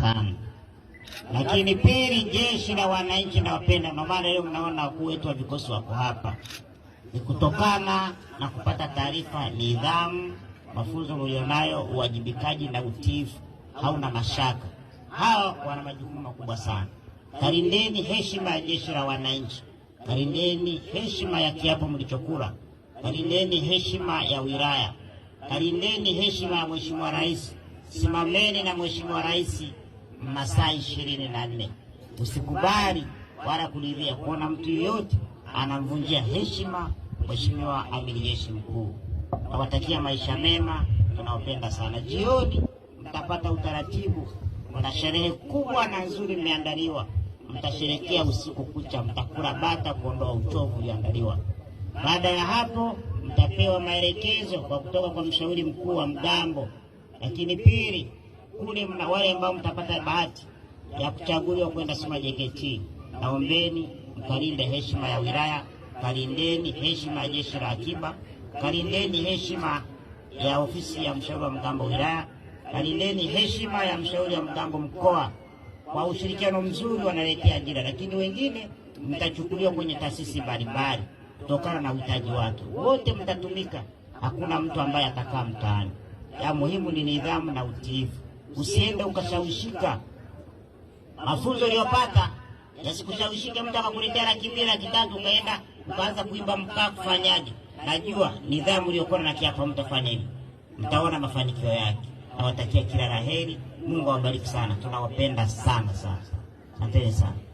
sana. Lakini pili, jeshi la wananchi nawapenda, ndio maana leo mnaona wakuu wetu wa vikosi wako hapa, ni kutokana na kupata taarifa, nidhamu, mafunzo mlionayo, uwajibikaji na utiifu, hauna mashaka. Hawa wana majukumu makubwa sana. Kalindeni heshima ya jeshi la wananchi, kalindeni heshima ya kiapo mlichokula, kalindeni heshima ya wilaya, kalindeni heshima ya Mheshimiwa Rais. Simameni na Mheshimiwa Rais masaa ishirini na nne. Usikubali wala kuridhia kuona mtu yeyote anamvunjia heshima Mheshimiwa Amiri Jeshi Mkuu. Nawatakia maisha mema, tunawapenda sana. Jioni mtapata utaratibu, na sherehe kubwa na nzuri imeandaliwa, mtasherekea usiku kucha, mtakula bata kuondoa uchovu ulioandaliwa. Baada ya hapo, mtapewa maelekezo kwa kutoka kwa mshauri mkuu wa mgambo, lakini pili kule, mna wale ambao mtapata bahati ya kuchaguliwa kwenda sima JKT, naombeni mkalinde heshima ya wilaya, kalindeni heshima ya jeshi la akiba, kalindeni heshima ya ofisi ya mshauri wa mgambo wilaya, kalindeni heshima ya mshauri wa mgambo mkoa. Kwa ushirikiano mzuri wanaletea ajira, lakini wengine mtachukuliwa kwenye taasisi mbalimbali kutokana na uhitaji wake. Wote mtatumika, hakuna mtu ambaye atakaa mtaani. Ya muhimu ni nidhamu na utiifu usiende ukashawishika. Mafunzo uliyopata yasikushawishike mtu akakuletea laki mbili laki tatu ukaenda ukaanza kuimba mkaa, kufanyaje? Najua nidhamu uliyokuwa na kiapo, mtafanya hivi, mtaona mafanikio yake. Nawatakia kila la heri, Mungu awabariki sana, tunawapenda sana sana, asanteni sana.